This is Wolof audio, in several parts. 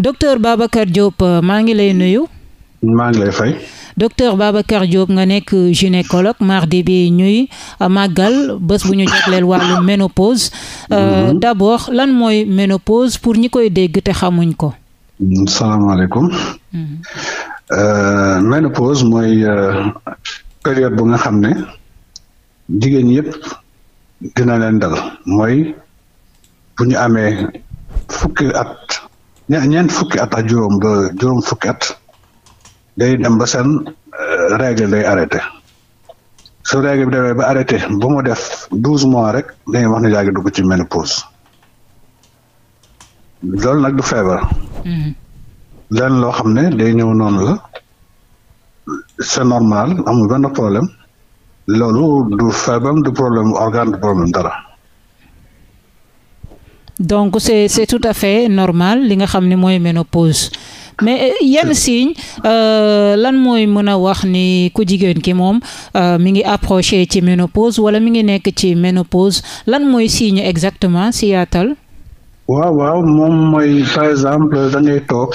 docteur Babacar Diop euh, maa ngi lay nuyu. maa ngi lay fay. docteur Babacar jóob nga nekk gynécologue mardi bi ñuy euh, màggal bés bu ñu jagleel wàllu ménopause. Euh, mhm. d'abord lan mooy ménopause pour ñi koy dégg te xamuñ ko. salaamaaleykum. Mhm. ménopause mooy période bu nga xam ne jigéen yépp dina leen dal mooy bu ñu amee fukki at. ñeent fukki at ak juróom ba juróom fukki at day dem ba seen euh, règle day arrêté su règle bi demee ba arrêté ba mu def douze mois rek dañuy wax ne yaa ngi dugg ci ménopause loolu nag du feebar. Mm-hmm. lenn loo xam ne day ñëw noonu la c'est normal amul benn problème loolu du feebar du problème organe du problème dara. donc c'est c'est tout à fait normal li nga xam ne mooy ménopause mais euh, yan signe euh, lan mooy mën a wax ni ku jigéen ki moom euh, mi ngi approché ci ménopause wala mi ngi nekk ci ménopause lan mooy signe exactement si yaatal waaw waaw moom mooy par exemple da ngay toog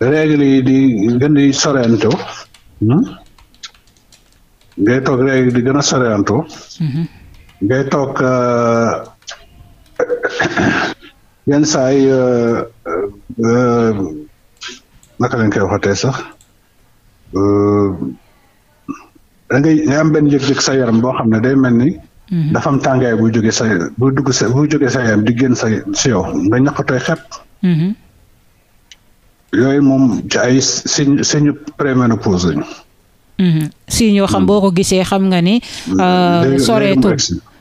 yi di gën di sorento hmm? ngay toog règle di gën a sorento mm-hmm. ngay toog yenn saa yi euh, euh, euh, naka lañ koy waxatee sax da ngay am benn yëg-yëg sa yaram boo xam ne day mel ni. Mhm. dafa am tàngaay buy jógee sa dugg sa buy sa yaram di sa si yow nga ñaqatooy xepp. Mhm. yooyu moom ci ay signe signe préménopause lañu. Mhm. signe yoo xam hmm. boo ko gisee xam nga ni. Hmm. soreetul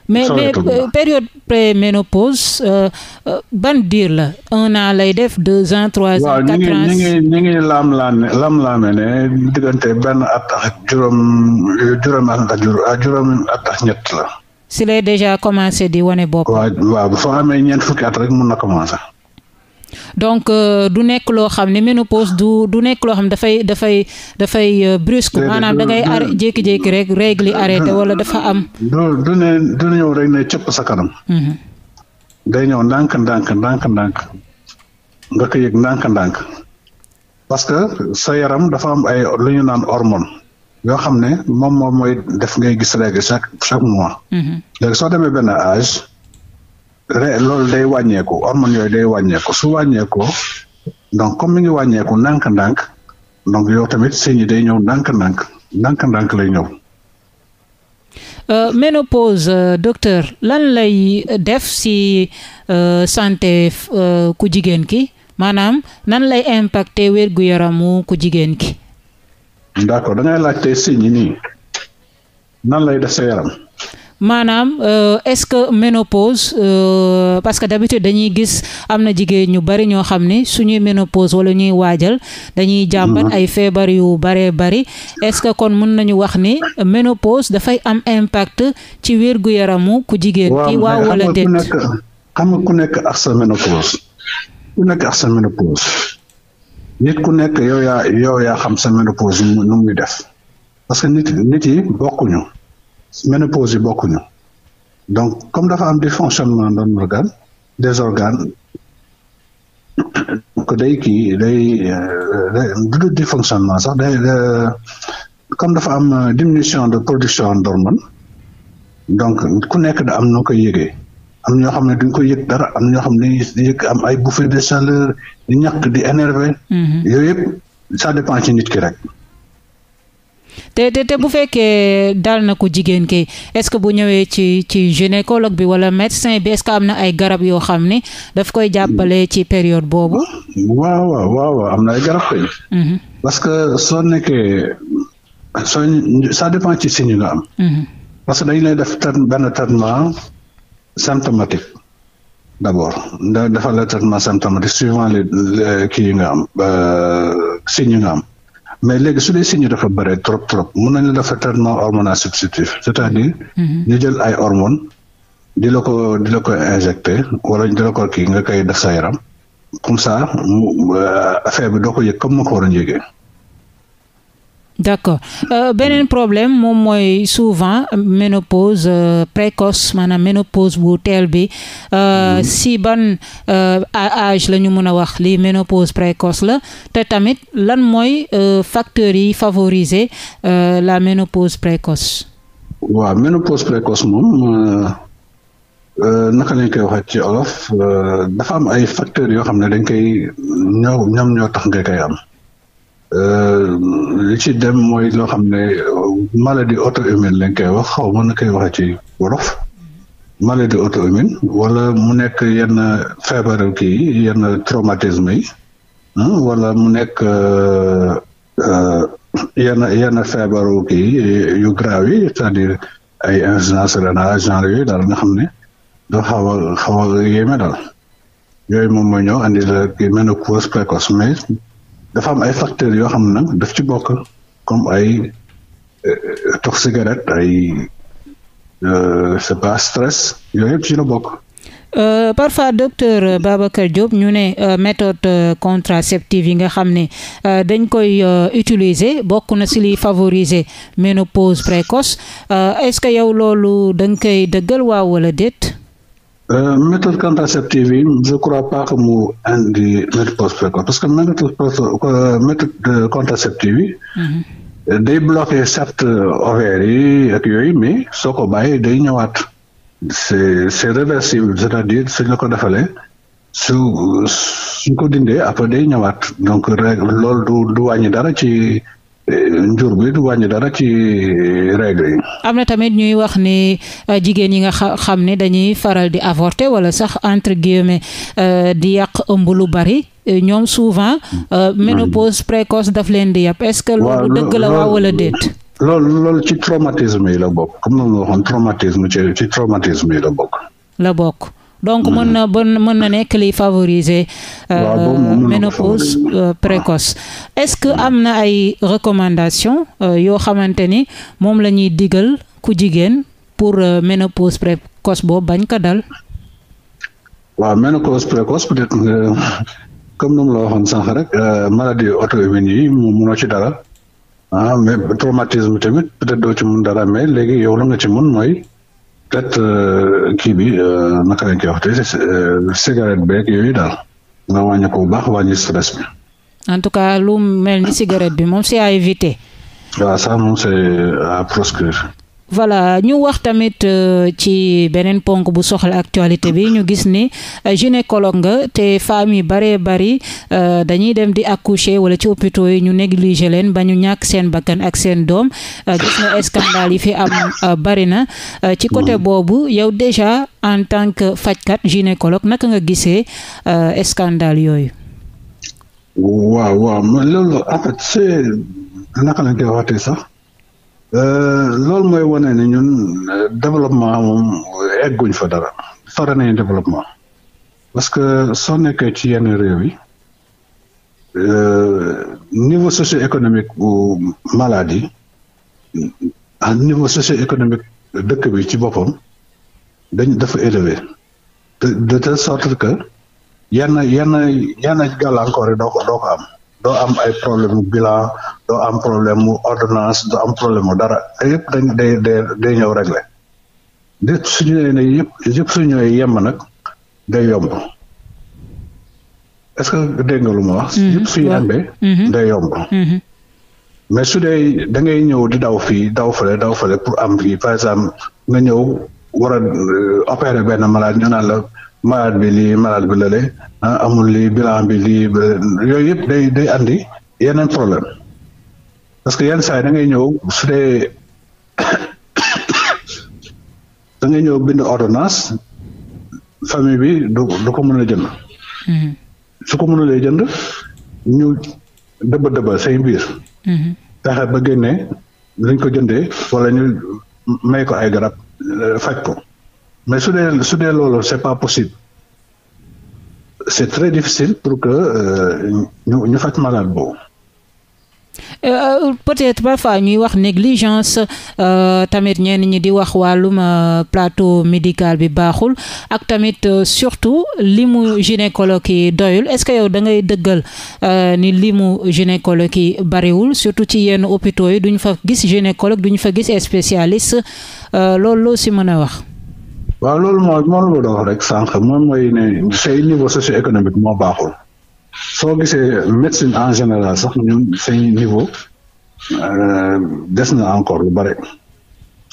mais mais euh, période préménopause euh, euh, ban diir la un an lay def deux ans trois ans quatre ans. waaw ñu ngi ñu ngi laam laam laame ne diggante benn at ak juróom juróom at ak juróom ak ñett la. si lay déjà commencé di wane bopp. waaw waaw soo amee ñeent fukki at rek mun na commencé. donc euh, du nekk loo xam ne ménopause du du nekk loo xam dafay dafay dafay euh, brusque maanaam dangay ngay jékki-jékki rek règle yi arrêté wala dafa am du du ne ñëw rek ne cëpp sa kanam mhm. day ñëw ndànk ndànk ndànk ndànk nga ko yëg ndànk ndànk parce que sa yaram dafa am ay lu ñu naan hormone yoo xam ne moom moom mooy def ngay gis règle chaque chaque mois mhm. léegi soo demee benn âge loolu day wàññeeku hormones yooyu day wàññeeku su wàññeekoo donc comme mi ngi wàññeeku ndànk-ndànk donc yow tamit sëñ day ñëw ndànk-ndànk ndànk-ndànk lay ñëw. Euh, ménopause euh, docteur lan lay def si euh, santé euh, ku jigéen ki maanaam nan lay impacté wérgu yaramu ku jigéen ki. d'accord da ngay laajte signe yi nan lay def sa yaram. maanaam euh, est-ce que ménopause euh, parce que d'habitude dañuy gis am na jigéen ñu bari ñoo xam ni suñuy ménopause wala ñuy waajal dañuy jàmbat mhm. ay feebar yu baree bari est-ce que kon mun nañu wax ni ménopause dafay am impact ci wér-gu-yaramu ku jigéen ki waaw wala déet xam ku nekk ak sa ménopause ku nekk ak ménopause nit ku nekk yow yaa xam sa ménopause nu muy def parce que nit yi bokkuñu ménopause yi bokkuñu donc comme dafa am di fonctionnement d'un organe des organes que day kii day euh, du di fonctionnement sax day euh, comme dafa am euh, diminution de production d'hormones donc ku nekk da am noo koy yëge am ñoo xam ne duñ koy yëg dara am ñoo xam ne di yëg am ay bouffées de chaleur di ñàkk di énervé mm-hmm. yooyu yëpp ça dépend ci nit ki rek te te bu fekkee dal na ko jigéen ki est-ce que bu ñëwee ci ci gynécologue bi wala médecin bi est-ce que am na ay garab yoo xam ni daf koy jàppale ci période boobu. waaw waaw waaw ay garab kay. Mm-hmm. parce que soo nekkee soo ça dépend ci signe nga am. Mm-hmm. parce que dañu lay def benn traitement symptomatique. d'abord da defal la traitement symptomatique suivant les kii yi nga am euh, signes nga am mais léegi su dee signe dafa bëre trop trop mun nañu la def traitement hormonal substitutif c'est-à-dire. Mhm. ñu jël ay hormones di la ko di la ko injecté wala di la ko kii nga koy def sa yaram comme ça mu euh, affaire bi doo ko yëg comme ma ko waroon yëgee. d' accord euh, beneen problème moom mooy souvent ménopause euh, précoce maanaam ménopause bu teel bi euh, mhm. si ban euh, âge la ñu mën a wax li ménopause précoce la te tamit lan mooy euh, facteurs yi favoriser euh, la ménopause précoce. waaw ouais, ménopause précoce moom naka lañ koy waxee ci olof dafa am ay facteurs yoo xam ne dañ koy ñoom ñoom ñoo tax nga koy am. Euh, li ci dem mooy loo xam ne maladie auto-immune lañ koy wax xaw mën na koy waxee ci wolof maladie auto-immune wala mu nekk yenn feebaru kii yenn traumatisme yi wala mu nekk euh, euh, yenn yenn feebaru kii yu grave yi c'est-à-dire ay insuffisance rénale yooyu daal nga xam ne doo xaw a xaw a yéeme daal yooyu moom mooy ño andi la kii mel ne dafa am ay facteurs yoo xam ne daf ci bokk comme ay euh, tox cigarette ay euh, c'est pas stress yooyu yëpp ci la bokk. Euh, parfois docteur Babacar Diop ñu ne méthode contraceptive yi nga xam ne dañ koy utiliser bokk na ci li favoriser ménopause précoce est-ce que yow loolu da nga dëggal waaw walla déet. Euh, méthode contraceptive yi je crois pas mu indi méthode précoce parce que méthode euh, méthode contraceptive yi. Mhm. day bloqué certes ovaires yi ak yooyu mais soo ko bàyyi day ñëwaat. c'est c'est réversible c'est-à-dire suñ ko defalee su suñ ko dindee après day ñëwaat donc lool loolu du du dara ci Eh, njur bi du wàññi dara ci eh, règle yi. am na tamit ñuy wax ni eh, jigéen yi nga xam ne dañuy faral di avorter wala sax entre guillemets di yàq ëmb lu bari ñoom souvent. ménopause précoce daf leen di yàpp est-ce que loolu dëgg la waa wala déet. loolu loolu ci traumatisme yi la bokk comme ni ma waxoon traumatisme ci ci traumatisme yi la bokk. la bokk. donc mm. mën na bon mën na nekk li euh, favoriser ménopause euh, précoce est-ce que am na ay recommandation euh, yoo xamante ni moom la ñuy digal ku jigéen pour ménopause précoce boobu bañ ka dal waaw ménopause précoce peut-être comme nu mu la waxoon sànq rek maladie auto-immune yi mënoo ci dara ah mais traumatisme tamit peut-être doo ci mun dara mais léegi yow la nga ci mun mooy peut-être eh, kii bi eh, naka lañ koy wax te eh, cigarette beeg yooyu daal nga wàññi ko bu baax wàññi stress bi. en tout cas lu mel ni cigarette bi moom si à éviter. waaw ça moom c'est à proscrire. voilà ñu wax tamit euh, ci beneen ponk bu soxla actualité bi ñu gis ni euh, gynécologue nga te femmes yi baree bari euh, dañuy dem di accoucher wala ci hôpitaux yi ñu négliger leen ba ñu ñàkk seen bakkan ak seen doom gis na scandale yi fi am bari na ci côté mm. boobu yow déjà en tant que fajkat gynécologue naka nga gisee scandale yooyu. Euh, loolu mooy wane ne ñun euh, développement moom euh, egguñ fa dara sore nañu développement parce que soo nekkee ci yenn réew yi niveau socio-économique bu maladie à niveau socio-économique dëkk bi ci boppam dañ dafa élevé de de telle sorte que yenn yenn yenn gàllankoor yi doo ko doo ko am doo am ay problème mu bilan doo am problème mu ordonnance doo am problème mu dara yëpp dañ day day ñëw régler lépp su ne yëpp nag day yomb est-ce que dégg nga lu ma wax. Mm-hmm. yëpp su ñu mm-hmm. yomb. Mm-hmm. mais su dee da ngay ñëw di daw fii daw fale daw fale pour am fii par exemple nga ñëw war a euh, benn malade ñu naan la. malade bi lii malade bi lale ah, amul lii bilan bi lii yooyu yëpp day day andi yeneen problème parce que yenn saa yi da ngay ñëw su dee famille bi du du ko mën a jënd. Mhm. su ko mënulee jënd ñu dëbba dëbba say mbir. taxe mhm. ba génne luñ ko jëndee wala ñu may ko ay garab faj ko. mais su dee su loolu c'est pas possible c'est très difficile pour que euh, ñu ñu faj boobu. Euh, peut-être parfois ñuy wax négligence euh, tamit ñenn ñi di wax wàllum euh, plateau médical bi baaxul ak tamit euh, surtout limu gynécologue yi doyul est-ce que yow da ngay dëggal euh, ni limu gynécologue yi bariwul surtout ci yenn hôpitaux yi duñ fa gis gynécologue duñ fa gis spécialiste loolu loo si mën a wax. waaw loolu moo moom la doon wax rek sànq moom mooy ne say niveau socio-économique moo baaxul soo gisee médecine en général sax ñun say niveau euh, des na encore lu bare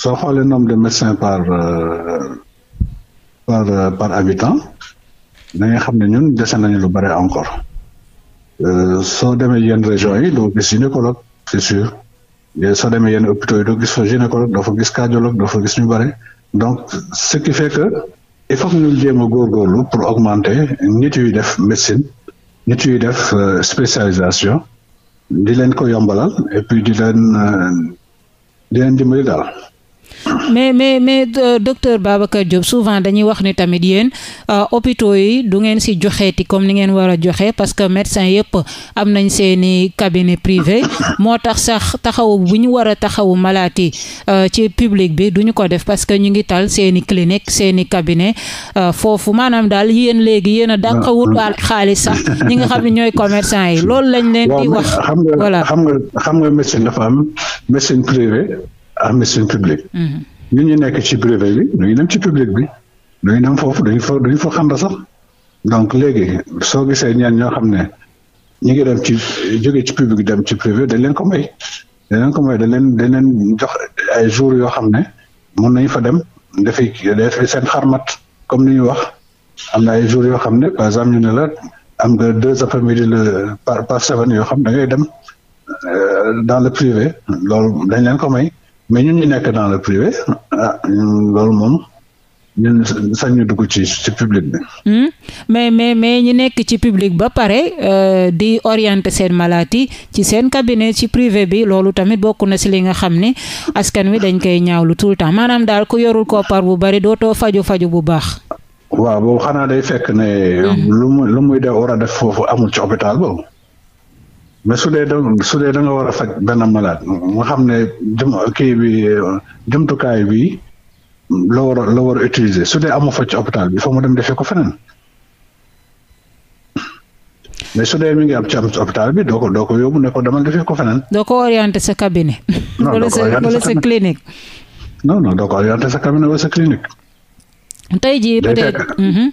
soo xoolee nombre de médecins par euh, par euh, par habitant da nga xam ne ñun dese nañu lu bare encore soo demee yenn régions yi doo gis gynécologue c'est sûr soo demee yenn hôpitaux yi doo gis fa gynécologue doo fa gis cardiologue doo fa gis ñu bare donc ce qui fait que il faut que ñu jéem a góorgóorlu pour augmenter nit yuy def médecine nit yuy def euh, spécialisation di leen ko yombalal et puis di leen euh, di leen dimbali daal. mais mais mais euh, docteur Babacar Diop souvent dañuy wax ni tamit yéen euh, hôpitaux yi du ngeen si joxeeti comme ni ngeen war a joxe parce que médecin yëpp am nañ seeni cabinet privé moo tax sax taxawu bu ñu war a taxawu malaat yi euh, ci public bi duñu ko def parce que ñu ngi tal seeni clinique seeni cabinet foofu maanaam daal yéen léegi yéen a dàqawut waal ah, xaalis sax ah. ñi nga xam ne ñooy commerçant yi loolu lañ leen di wax voilà xam nga xam nga dafa am médecine privée am médecine publique. Mm-hmm. ñun ñu nekk ci privé bi duñu dem ci public bi duñu dem foofu duñu fa duñu fa xam sax donc léegi soo gisee ñeen ñoo xam ne ñu ngi dem ci jóge ci public dem ci privé dañ leen ko may dañ leen ko may dañ leen dañ jox ay jours yoo xam ne mun nañ fa dem dafay dafay seen xarmat comme ni ñu wax am na ay jours yoo xam ne par exemple ñu ne la am nga deux après-midi la par par yoo xam da ngay dem euh, dans le privé lool dañ leen ko may. mais ñun ñu nekk dans le privé ah, loolu moom ñun ñu dugg ci ci public bi. Hmm? mais mais mais ñu nekk ci public ba pare euh, di oriente seen maladie ci seen cabinet ci privé bi loolu tamit bokk na si li nga xam ne askan wi dañ koy ñaawlu tout le temps maanaam daal ku yorul koo par bu bari doo dootoo faju faju bu baax. waaw boobu xanaa day fekk ne. Hmm. lu muy lu def war a def foofu amul ci hôpital boobu. mais su dee da su da war a faj benn malade nga xam ne jum kii bi jumtukaay bi la war a la war a utiliser su dee amu fa ci hôpital bi fa mu dem defee ko feneen mais su dee mi ngi am ci am ci hôpital bi doo ko doo ko yóbbu ne ko demal defee ko feneen. doo ko orienté sa cabinet. non sa clinique. non non doo ko orienté sa cabinet wala sa clinique. tey jii peut-être. Mhm.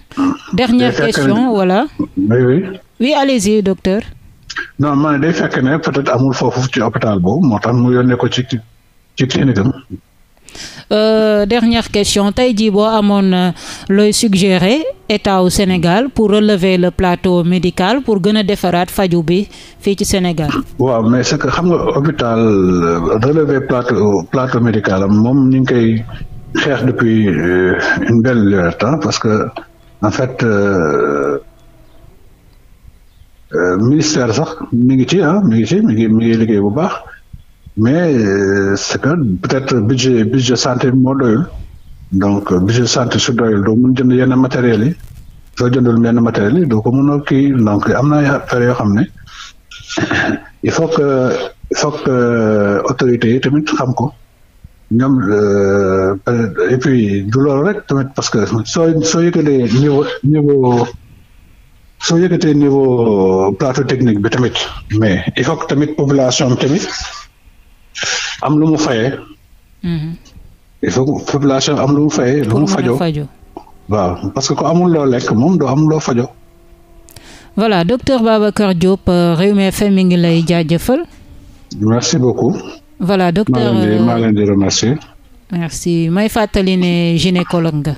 dernière question voilà. oui oui. oui allez-y docteur. non man day fekk ne peut amul foofu ci hôpital boobu moo tax mu yónnee ko ci ci euh, dernière question tey jii boo amoon euh, looy suggérer état wu Sénégal pour relever la plateau médical pour gën a defaraat faju bi fii ci Sénégal. waaw mais c'est que xam nga hôpital euh, relever plateau plateau médical am moom ni ngi koy xeex depuis une belle heure temps parce que en fait. ministère sax mi ngi ci ah mi ngi ci mi ngi mi ngi liggéey bu baax mais euh, c'est que peut-être budget budget santé moo doyul donc euh, budget santé su doyul doo mun jënd yenn matériels yi soo jëndul yenn matériels yi doo ko mun a kii donc am na ay affaires yoo xam ne il faut que il faut que euh, autorités yi tamit xam ko ñoom et puis du loolu rek tamit parce que soo soo yëgalee niveau niveau. soo yëkkatee niveau euh, plateau technique bi tamit mais il faut tamit population bi tamit am lu mu fayee. Mm-hmm. il faut population am lu mu fayee. lu mu fajoo waaw parce que ko amul loo lekk moom doo am loo fajo voilà docteur Babacar Diop euh, Rewmi FM mi ngi lay jaajëfal. merci beaucoup. voilà docteur maa euh, leen di remercier. merci may fàttali ne gynécologue